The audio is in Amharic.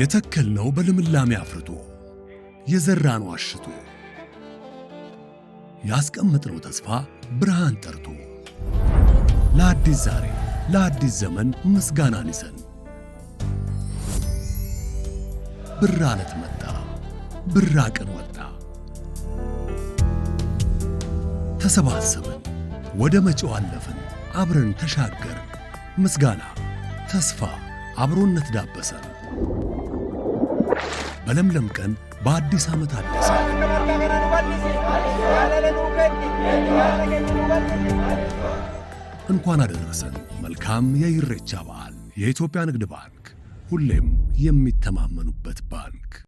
የተከልነው በልምላሜ አፍርቶ የዘራነው አሽቶ ያስቀመጥነው ተስፋ ብርሃን ጠርቶ ለአዲስ ዛሬ ለአዲስ ዘመን ምስጋናን ይዘን ብር አለት መጣ ብር ቀን ወጣ ተሰባሰብን ወደ መጪው አለፍን አብረን ተሻገርን ምስጋና ተስፋ አብሮነት ዳበሰን። በለምለም ቀን በአዲስ ዓመት አደሰ። እንኳን አደረሰን። መልካም የኢሬቻ በዓል። የኢትዮጵያ ንግድ ባንክ ሁሌም የሚተማመኑበት ባንክ